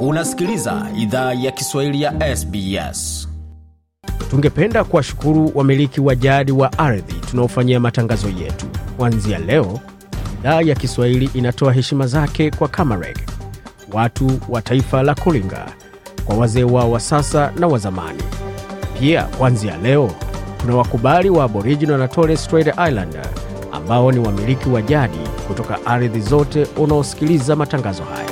Unasikiliza idhaa ya Kiswahili ya SBS. Tungependa kuwashukuru wamiliki wa jadi wa ardhi tunaofanyia matangazo yetu. Kuanzia leo, idhaa ya Kiswahili inatoa heshima zake kwa Kamareg, watu wa taifa la Kulinga, kwa wazee wao wa sasa na wazamani Pia kuanzia leo kuna wakubali wa Aboriginal na Torres Strait island ambao ni wamiliki wa jadi kutoka ardhi zote unaosikiliza matangazo haya.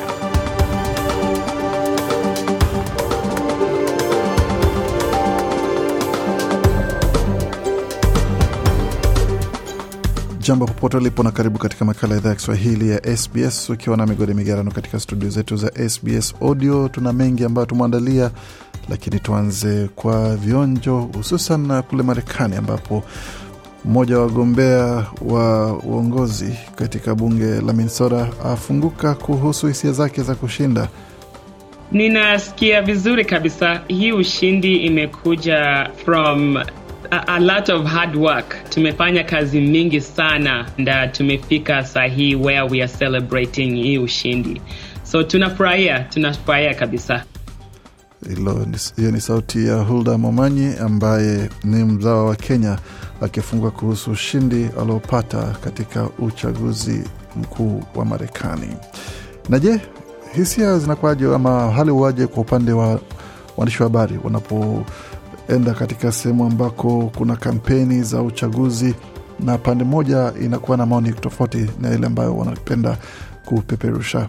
Jambo popote ulipo na karibu katika makala ya idhaa ya Kiswahili ya SBS ukiwa na migodi migarano katika studio zetu za SBS Audio. Tuna mengi ambayo tumeandalia, lakini tuanze kwa vionjo, hususan na kule Marekani ambapo mmoja wa wagombea wa uongozi katika bunge la Minnesota afunguka kuhusu hisia zake za kushinda. Ninasikia vizuri kabisa, hii ushindi imekuja from a, a lot of hard work. Tumefanya kazi mingi sana na tumefika sahii where we are celebrating hii ushindi, so tunafurahia, tunafurahia kabisa. Hiyo ni sauti ya Hulda Momanyi ambaye ni mzawa wa Kenya akifungua kuhusu ushindi aliopata katika uchaguzi mkuu wa Marekani. Na je, hisia zinakuwaje ama hali uwaje kwa upande wa waandishi wa habari wanapo enda katika sehemu ambako kuna kampeni za uchaguzi na pande moja inakuwa na maoni tofauti na ile ambayo wanapenda kupeperusha.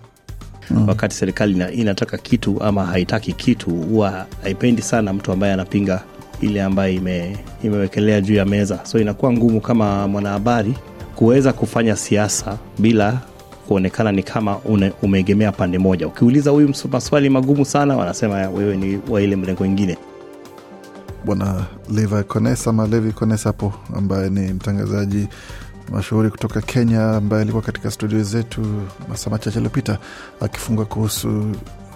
Mm. Wakati serikali inataka kitu ama haitaki kitu, huwa haipendi sana mtu ambaye anapinga ile ambayo ime, imewekelea juu ya meza, so inakuwa ngumu kama mwanahabari kuweza kufanya siasa bila kuonekana ni kama umeegemea pande moja. Ukiuliza huyu maswali magumu sana, wanasema wewe ni wa ile mrengo ingine bwana Levi Konesa ama Levi Konesa hapo, ambaye ni mtangazaji mashuhuri kutoka Kenya, ambaye alikuwa katika studio zetu masaa machache aliopita akifunga kuhusu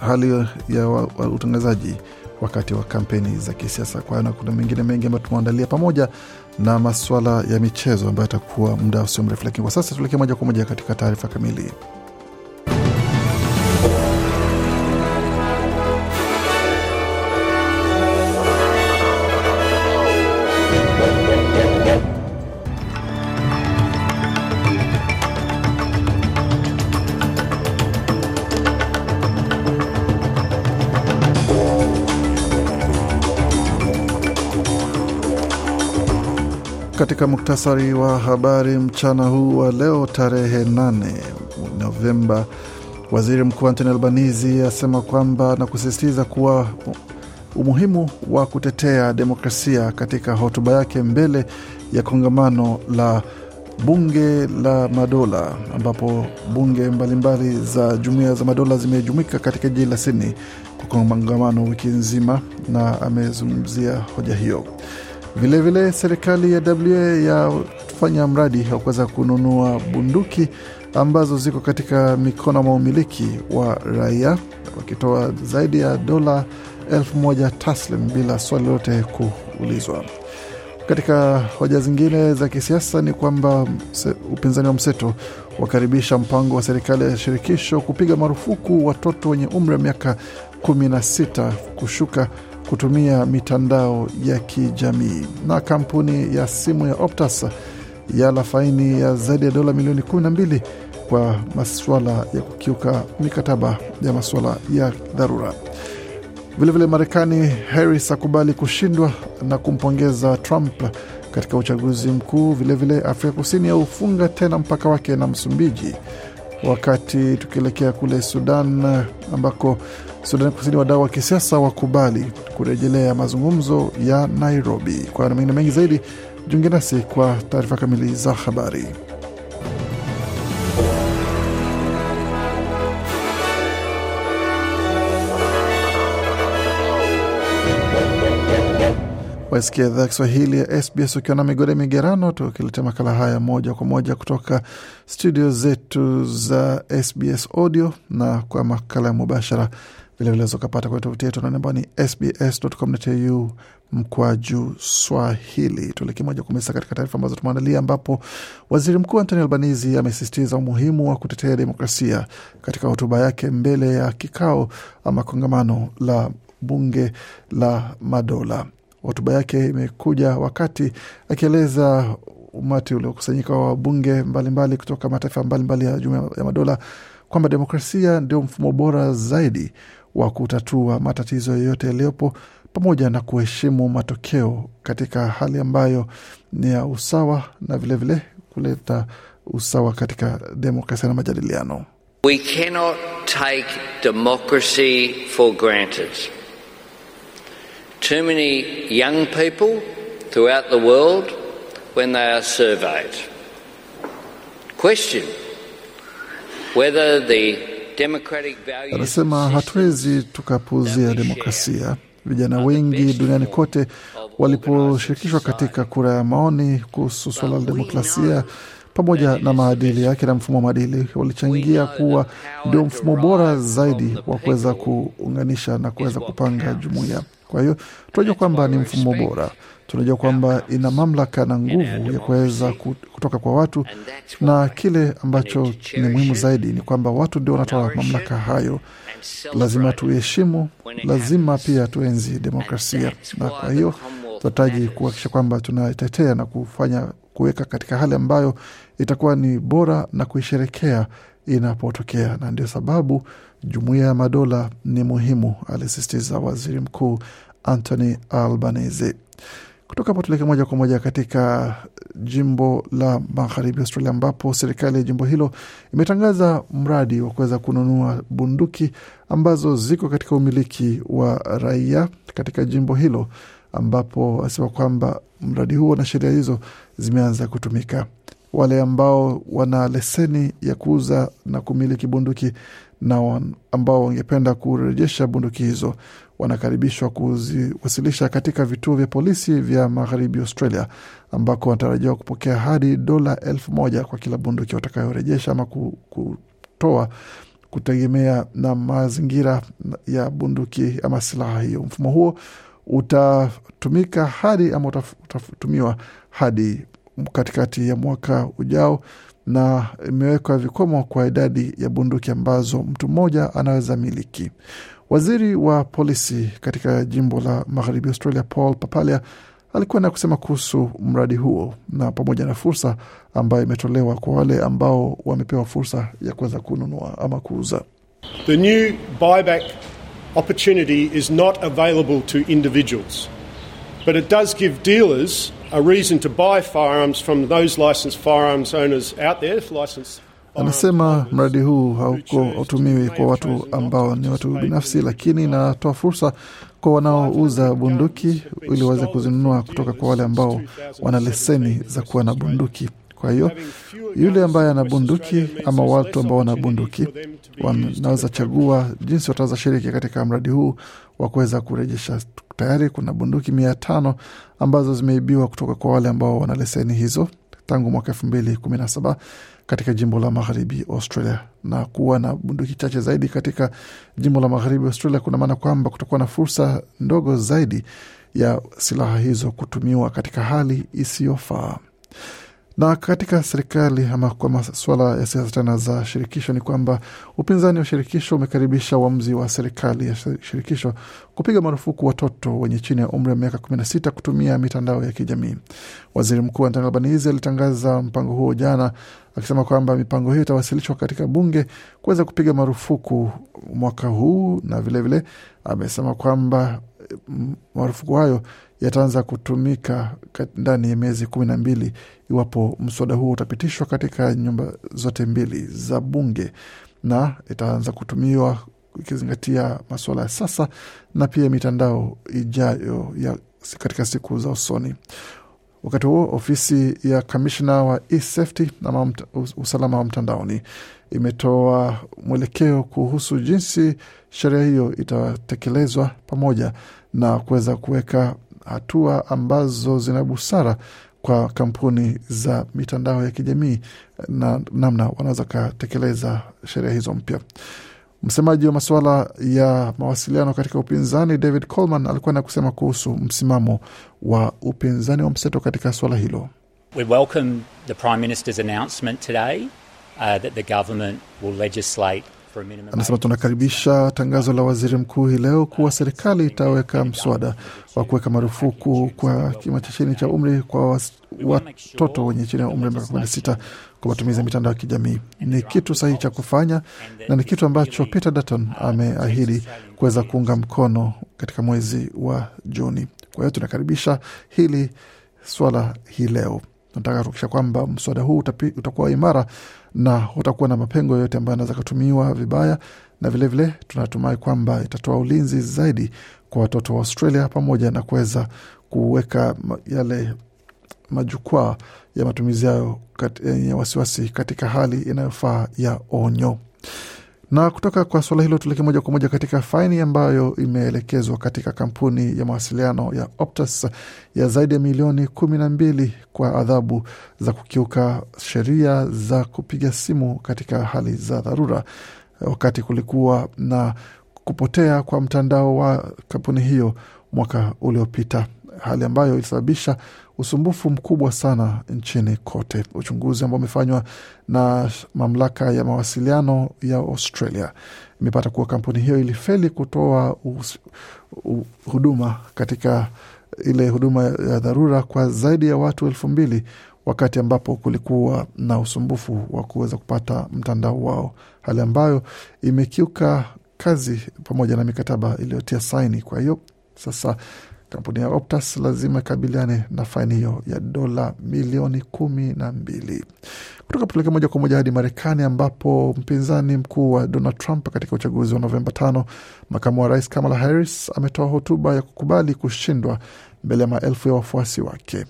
hali ya wa, wa utangazaji wakati wa kampeni za kisiasa. Kwa hiyo na kuna mengine mengi ambayo tumeandalia pamoja na maswala ya michezo ambayo atakuwa muda usio mrefu, lakini kwa sasa tuelekee moja kwa moja katika taarifa kamili. katika muktasari wa habari mchana huu wa leo tarehe 8 Novemba, waziri mkuu Antoni Albanizi asema kwamba na kusisitiza kuwa umuhimu wa kutetea demokrasia katika hotuba yake mbele ya kongamano la bunge la madola ambapo bunge mbalimbali mbali za jumuiya za madola zimejumuika katika jiji la Sydney kwa kongamano wiki nzima, na amezungumzia hoja hiyo. Vilevile serikali ya WA yafanya mradi wa kuweza kununua bunduki ambazo ziko katika mikono mwa umiliki wa raia wakitoa zaidi ya dola elfu moja taslim bila swali lolote kuulizwa. Katika hoja zingine za kisiasa ni kwamba upinzani wa mseto wakaribisha mpango wa serikali ya shirikisho kupiga marufuku watoto wenye umri wa miaka 16 kushuka kutumia mitandao ya kijamii. Na kampuni ya simu ya Optus yala faini ya zaidi ya dola milioni 12 kwa masuala ya kukiuka mikataba ya masuala ya dharura. Vilevile, Marekani Harris akubali kushindwa na kumpongeza Trump katika uchaguzi mkuu. Vilevile, Afrika Kusini yaufunga tena mpaka wake na Msumbiji. Wakati tukielekea kule Sudan ambako Sudan Kusini, wadau wa kisiasa wakubali kurejelea mazungumzo ya Nairobi. Kwa mengine mengi zaidi, jiunge nasi kwa taarifa kamili za habari. Waisikia idhaa Kiswahili ya SBS ukiwa na migode migerano, tukiletea makala haya moja kwa moja kutoka studio zetu za SBS Audio na kwa makala ya mubashara vilevile zokapata kwenye tovuti yetu ambao ni sbs.com.au mkwaju Swahili. Tuelekee moja kwa moja katika taarifa ambazo tumeandalia, ambapo waziri mkuu Anthony Albanese amesisitiza umuhimu wa kutetea demokrasia katika hotuba yake mbele ya kikao ama kongamano la bunge la madola. Hotuba yake imekuja wakati akieleza umati uliokusanyika wa wabunge mbalimbali kutoka mataifa mbalimbali ya Jumuiya ya Madola kwamba demokrasia ndio mfumo bora zaidi wa kutatua matatizo yoyote yaliyopo pamoja na kuheshimu matokeo katika hali ambayo ni ya usawa na vilevile vile kuleta usawa katika demokrasia na majadiliano. We cannot take democracy for granted. Too many young people throughout the world, when they are surveyed, question whether the democratic values. Anasema hatuwezi tukapuuzia demokrasia. Vijana wengi duniani kote waliposhirikishwa katika kura ya maoni kuhusu suala la demokrasia pamoja na maadili yake na mfumo wa maadili walichangia kuwa ndio mfumo bora zaidi wa kuweza kuunganisha na kuweza kupanga jumuiya. Kwa hiyo tunajua kwamba ni mfumo bora, tunajua kwamba ina mamlaka na nguvu ya kuweza kutoka kwa watu, na kile ambacho ni muhimu zaidi ni kwamba watu ndio wanatoa mamlaka hayo. Lazima tuheshimu, lazima pia tuenzi demokrasia, na kwa hiyo tunahitaji kuhakikisha kwamba tunatetea na kufanya kuweka katika hali ambayo itakuwa ni bora na kuisherekea inapotokea, na ndio sababu Jumuiya ya Madola ni muhimu, alisisitiza waziri mkuu Anthony Albanese. Kutoka hapo tuleke moja kwa moja katika jimbo la magharibi Australia, ambapo serikali ya jimbo hilo imetangaza mradi wa kuweza kununua bunduki ambazo ziko katika umiliki wa raia katika jimbo hilo, ambapo asema kwamba mradi huo na sheria hizo zimeanza kutumika wale ambao wana leseni ya kuuza na kumiliki bunduki na ambao wangependa kurejesha bunduki hizo wanakaribishwa kuziwasilisha katika vituo vya polisi vya magharibi Australia, ambako wanatarajiwa kupokea hadi dola elfu moja kwa kila bunduki watakayorejesha ama kutoa, kutegemea na mazingira ya bunduki ama silaha hiyo. Mfumo huo utatumika hadi ama utatumiwa hadi katikati ya mwaka ujao na imewekwa vikomo kwa idadi ya bunduki ambazo mtu mmoja anaweza miliki. Waziri wa polisi katika jimbo la magharibi Australia, Paul Papalia, alikuwa na kusema kuhusu mradi huo na pamoja na fursa ambayo imetolewa kwa wale ambao wamepewa fursa ya kuweza kununua ama kuuza. The new buyback opportunity is not available to individuals. But it does give dealers a reason to buy firearms from those licensed firearms owners out there, if licensed Anasema mradi huu hauko utumiwi kwa watu ambao ni watu binafsi, lakini inatoa fursa kwa wanaouza bunduki ili waweze kuzinunua kutoka kwa wale ambao wana leseni za kuwa na bunduki. Kwa hiyo yule ambaye ana bunduki ama watu ambao wana bunduki wanaweza chagua jinsi wataweza shiriki katika mradi huu wa kuweza kurejesha. Tayari kuna bunduki mia tano ambazo zimeibiwa kutoka kwa wale ambao wana leseni hizo tangu mwaka elfu mbili kumi na saba katika jimbo la magharibi Australia, na kuwa na bunduki chache zaidi katika jimbo la magharibi Australia kuna maana kwamba kutakuwa na fursa ndogo zaidi ya silaha hizo kutumiwa katika hali isiyofaa. Na katika serikali ama kwa masuala ya siasa tena za shirikisho, ni kwamba upinzani wa shirikisho umekaribisha uamzi wa serikali ya shirikisho kupiga marufuku watoto wenye chini ya umri wa miaka 16 kutumia mitandao ya kijamii. Waziri Mkuu Anthony Albanese alitangaza mpango huo jana akisema kwamba mipango hiyo itawasilishwa katika bunge kuweza kupiga marufuku mwaka huu, na vilevile amesema kwamba marufuku hayo yataanza kutumika ndani ya miezi kumi na mbili iwapo mswada huo utapitishwa katika nyumba zote mbili za bunge, na itaanza kutumiwa ikizingatia masuala ya sasa na pia mitandao ijayo ya katika siku za usoni. Wakati huo ofisi ya kamishna wa e-safety ama usalama wa mtandaoni imetoa mwelekeo kuhusu jinsi sheria hiyo itatekelezwa pamoja na kuweza kuweka hatua ambazo zina busara kwa kampuni za mitandao ya kijamii na namna wanaweza kutekeleza sheria hizo mpya. Msemaji wa masuala ya mawasiliano katika upinzani David Coleman alikuwa na kusema kuhusu msimamo wa upinzani wa mseto katika suala hilo. We welcome the Prime Minister's announcement today uh, that the government will legislate Anasema tunakaribisha tangazo la waziri mkuu hii leo kuwa serikali itaweka mswada wa kuweka marufuku kwa kima cha chini cha umri kwa watoto wenye chini ya umri wa miaka kumi na sita kwa matumizi ya mitandao ya kijamii. Ni kitu sahihi cha kufanya na ni kitu ambacho Peter Dutton ameahidi kuweza kuunga mkono katika mwezi wa Juni. Kwa hiyo tunakaribisha hili swala hii leo. Tunataka kuhakikisha kwamba mswada huu utapi, utakuwa imara na utakuwa na mapengo yote ambayo anaweza kutumiwa vibaya, na vilevile vile, tunatumai kwamba itatoa ulinzi zaidi kwa watoto wa Australia pamoja na kuweza kuweka yale majukwaa ya matumizi yayo yenye wasiwasi katika hali inayofaa ya onyo. Na kutoka kwa suala hilo tuleke moja kwa moja katika faini ambayo imeelekezwa katika kampuni ya mawasiliano ya Optus ya zaidi ya milioni kumi na mbili kwa adhabu za kukiuka sheria za kupiga simu katika hali za dharura, wakati kulikuwa na kupotea kwa mtandao wa kampuni hiyo mwaka uliopita, hali ambayo ilisababisha usumbufu mkubwa sana nchini kote. Uchunguzi ambao umefanywa na mamlaka ya mawasiliano ya Australia imepata kuwa kampuni hiyo ilifeli kutoa huduma katika ile huduma ya dharura kwa zaidi ya watu elfu mbili wakati ambapo kulikuwa na usumbufu wa kuweza kupata mtandao wao, hali ambayo imekiuka kazi pamoja na mikataba iliyotia saini. Kwa hiyo sasa Kampuni ya Optus lazima ikabiliane na faini hiyo ya dola milioni kumi na mbili. Kutoka peleke moja kwa moja hadi Marekani, ambapo mpinzani mkuu wa Donald Trump katika uchaguzi wa Novemba tano, makamu wa rais Kamala Harris ametoa hotuba ya kukubali kushindwa mbele ya maelfu ya wafuasi wake.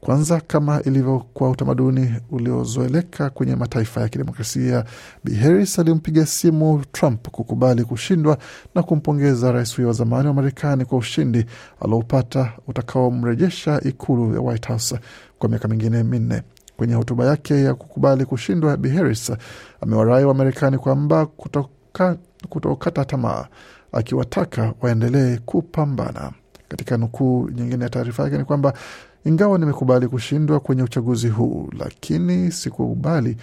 Kwanza, kama ilivyokuwa utamaduni uliozoeleka kwenye mataifa ya kidemokrasia, Bi Harris alimpiga simu Trump kukubali kushindwa na kumpongeza rais huyo wa zamani wa Marekani kwa ushindi alioupata utakaomrejesha ikulu ya White House kwa miaka mingine minne. Kwenye hotuba yake ya kukubali kushindwa, Bi Harris amewarai Marekani kwamba kutokata tamaa, akiwataka waendelee kupambana. Katika nukuu nyingine ya taarifa yake ni kwamba ingawa nimekubali kushindwa kwenye uchaguzi huu, lakini sikubali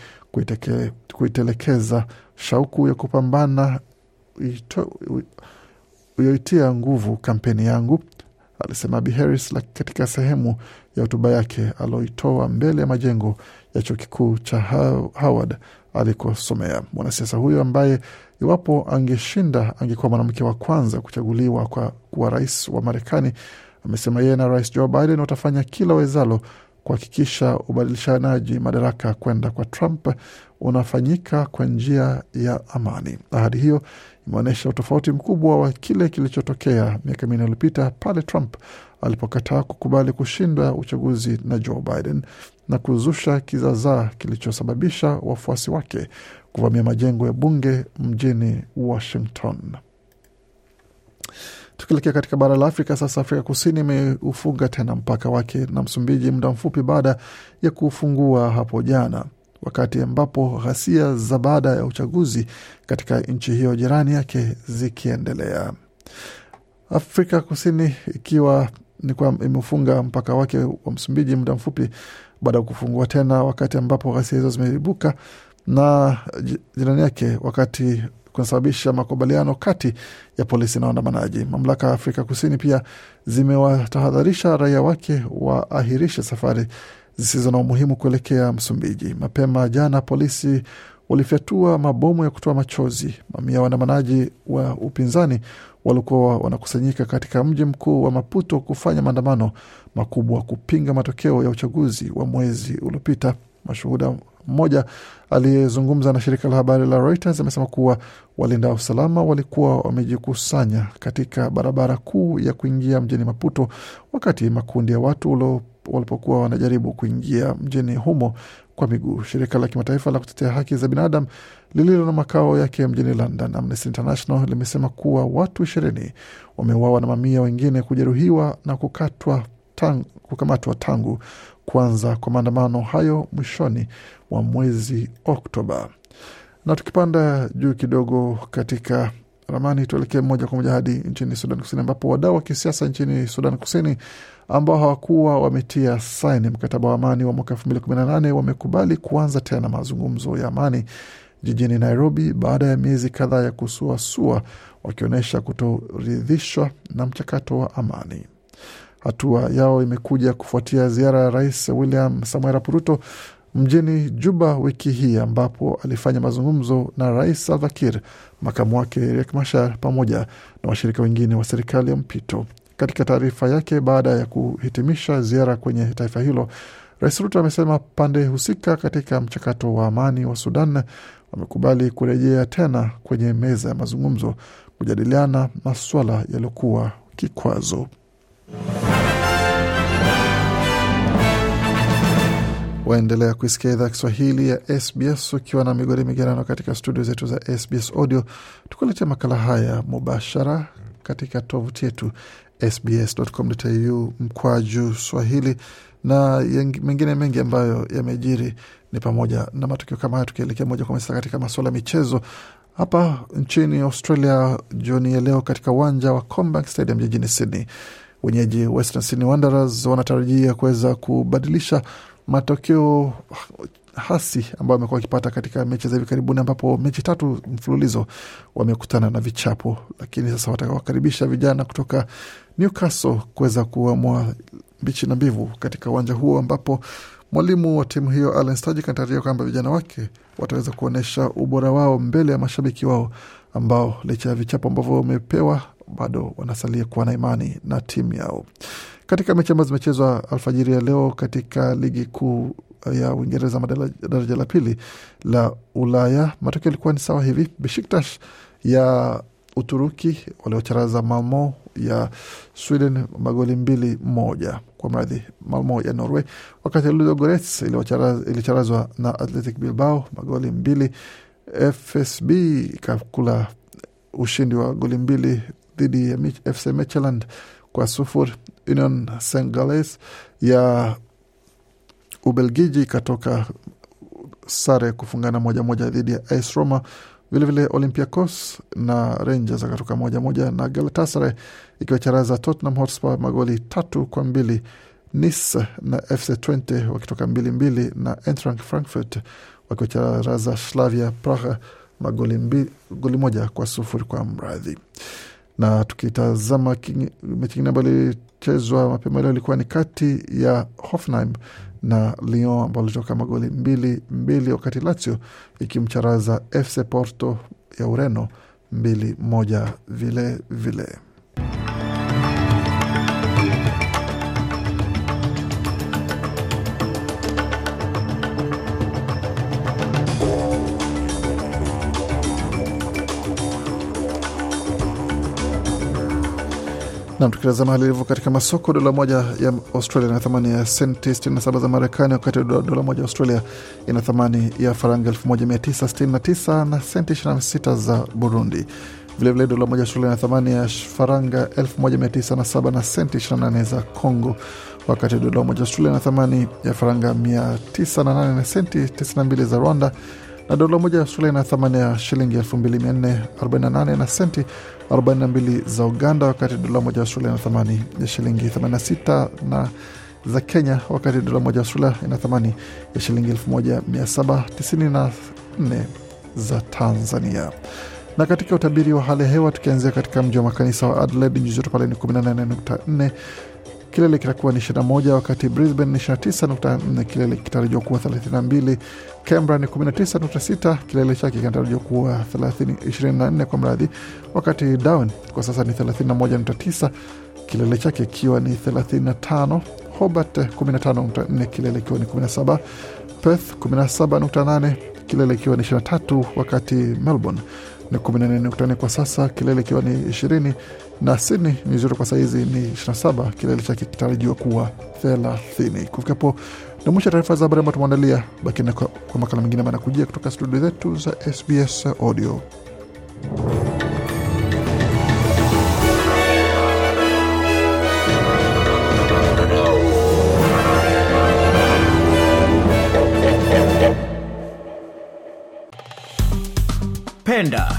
kuitelekeza shauku ya kupambana uyoitia nguvu kampeni yangu, alisema Bi Harris katika sehemu ya hotuba yake alioitoa mbele ya majengo ya chuo kikuu cha Howard alikosomea. Mwanasiasa huyo ambaye iwapo angeshinda angekuwa mwanamke wa kwanza kuchaguliwa kwa kuwa rais wa Marekani Amesema yeye na Rais Joe Biden watafanya kila wezalo kuhakikisha ubadilishanaji madaraka kwenda kwa Trump unafanyika kwa njia ya amani. Ahadi hiyo imeonyesha utofauti mkubwa wa kile kilichotokea miaka minne iliyopita pale Trump alipokataa kukubali kushinda uchaguzi na Joe Biden na kuzusha kizazaa kilichosababisha wafuasi wake kuvamia majengo ya bunge mjini Washington. Tukielekea katika bara la Afrika sasa, Afrika Kusini imeufunga tena mpaka wake na Msumbiji muda mfupi baada ya kufungua hapo jana, wakati ambapo ghasia za baada ya uchaguzi katika nchi hiyo jirani yake zikiendelea. Afrika Kusini ikiwa ni kwa imefunga mpaka wake wa Msumbiji muda mfupi baada ya kufungua tena, wakati ambapo ghasia hizo zimeibuka na jirani yake, wakati kunasababisha makubaliano kati ya polisi na waandamanaji. Mamlaka ya Afrika Kusini pia zimewatahadharisha raia wake waahirishe safari zisizo na umuhimu kuelekea Msumbiji. Mapema jana polisi walifyatua mabomu ya kutoa machozi. Mamia ya waandamanaji wa upinzani walikuwa wanakusanyika katika mji mkuu wa Maputo kufanya maandamano makubwa kupinga matokeo ya uchaguzi wa mwezi uliopita. Mashuhuda mmoja aliyezungumza na shirika la habari la Reuters amesema kuwa walinda usalama walikuwa wamejikusanya katika barabara kuu ya kuingia mjini Maputo wakati makundi ya watu walipokuwa wanajaribu kuingia mjini humo kwa miguu. Shirika la kimataifa la kutetea haki za binadamu lililo na makao yake mjini London, Amnesty International limesema kuwa watu ishirini wameuawa na mamia wengine kujeruhiwa na kukatwa tang, kukamatwa tangu kuanza kwa maandamano hayo mwishoni mwa mwezi Oktoba. Na tukipanda juu kidogo katika ramani, tuelekee moja kwa moja hadi nchini Sudan Kusini, ambapo wadau wa kisiasa nchini Sudan Kusini ambao hawakuwa wametia saini mkataba wa amani wa mwaka elfu mbili kumi na nane wamekubali kuanza tena mazungumzo ya amani jijini Nairobi baada ya miezi kadhaa ya kusuasua, wakionyesha kutoridhishwa na mchakato wa amani. Hatua yao imekuja kufuatia ziara ya Rais William Samoei Arap Ruto mjini Juba wiki hii ambapo alifanya mazungumzo na Rais Salva Kiir, makamu wake Riek Machar pamoja na washirika wengine wa serikali ya mpito. Katika taarifa yake baada ya kuhitimisha ziara kwenye taifa hilo, Rais Ruto amesema pande husika katika mchakato wa amani wa Sudan wamekubali kurejea tena kwenye meza ya mazungumzo kujadiliana masuala yaliyokuwa kikwazo. Waendelea kuisikia idhaa Kiswahili ya SBS ukiwa na migodi migerano katika studio zetu za SBS Audio, tukuletea makala haya mubashara katika tovuti yetu sbs.com.au mkwaju swahili na mengine mengi ambayo yamejiri ni pamoja na matukio kama haya. Tukielekea moja kwa moja katika masuala ya michezo hapa nchini Australia, jioni ya leo katika uwanja wa Combank Stadium jijini Sydney, wenyeji Western Sydney Wanderers wanatarajia kuweza kubadilisha matokeo hasi ambayo amekuwa akipata katika mechi za hivi karibuni, ambapo mechi tatu mfululizo wamekutana na vichapo, lakini sasa watawakaribisha vijana kutoka Newcastle kuweza kuamua mbichi na mbivu katika uwanja huo, ambapo mwalimu wa timu hiyo Alan Sturridge anatarajia kwamba vijana wake wataweza kuonyesha ubora wao mbele ya mashabiki wao ambao licha ya vichapo ambavyo wamepewa bado wanasalia kuwa na imani na timu yao. Katika mechi ambazo zimechezwa alfajiri ya leo katika ligi kuu ya Uingereza daraja la pili la Ulaya, matokeo yalikuwa ni sawa hivi. Beshiktash ya Uturuki waliocharaza Malmo ya Sweden magoli mbili moja kwa mradhi Malmo ya Norway, wakati Ludogorets ilicharazwa na Athletic Bilbao magoli mbili. FSB ikakula ushindi wa goli mbili dhidi ya FC Mecheland kwa sufuri. Union Sengales ya Ubelgiji ikatoka sare kufungana moja moja dhidi ya AS Roma. Vilevile Olympiacos na Rangers akatoka moja moja, na Galatasaray ikiwacharaza Tottenham Hotspur magoli tatu kwa mbili. Nice na FC 20 wakitoka mbili mbili, na Eintracht Frankfurt wakiwacharaza Slavia Praha magoli mbili, goli moja kwa sufuri kwa mradhi. Na tukitazama mechi ingine ambayo ilichezwa mapema leo ilikuwa ni kati ya Hoffenheim na Lyon ambao litoka magoli mbili mbili, wakati Lazio ikimcharaza FC Porto ya Ureno mbili moja vile vile. Nam, tukitazama hali ilivyo katika masoko, dola moja ya Australia ina thamani ya senti 67 za Marekani, wakati dola moja ya Australia ina thamani ya faranga 1969 na senti 26 za Burundi. Vilevile dola moja ya Australia ina thamani ya faranga 1907 na senti 28 za Congo, wakati dola moja ya Australia ina thamani ya faranga 908 na senti 92 za Rwanda, na dola moja ya Australia ina thamani ya shilingi 2448 na senti 42 za Uganda, wakati dola moja ya Australia ina thamani ya shilingi 86 na za Kenya, wakati dola moja ya Australia ina thamani ya shilingi 1794 za Tanzania. Na katika utabiri wa hali ya hewa tukianzia katika mji wa makanisa wa Adelaide, nyuzi joto pale ni 18.4 kilele kitakuwa ni 21, wakati Brisbane ni 29.4, kilele kitarajiwa kuwa 32. Canberra ni 19.6, kilele chake kinatarajiwa kuwa 24 kwa mradhi, wakati Darwin kwa sasa ni 31.9, kilele chake ikiwa ni 35. Hobart 15.4, kilele ikiwa ni 17. Perth 17.8, kilele ikiwa ni 23, wakati Melbourne ni 14.4 kwa sasa, kilele ikiwa ni 20 na Sydney ni zero kwa saizi ni 27, kilele chake kitarajiwa kuwa 30. Kufika hapo na mwisho taarifa za habari ambayo tumeandalia. Bakini kwa, kwa makala mengine ambayo anakujia kutoka studio zetu za SBS Audio. Penda